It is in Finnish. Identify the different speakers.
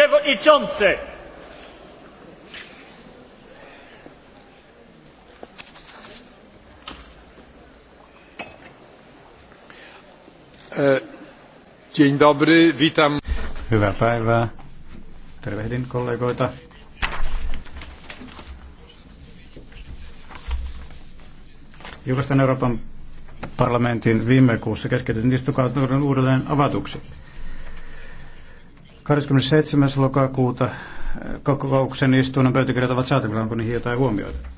Speaker 1: przewodniczący!
Speaker 2: E, dzień dobry, witam.
Speaker 3: Hyvää päivää.
Speaker 2: Tervehdin kollegoita.
Speaker 4: Julkaistaan Euroopan
Speaker 5: parlamentin viime
Speaker 4: kuussa keskeytetyn istukautuuden uudelleen avatuksi. 27. lokakuuta eh, kokouksen istunnon pöytäkirjat ovat saatavilla, onko niihin jotain huomioita?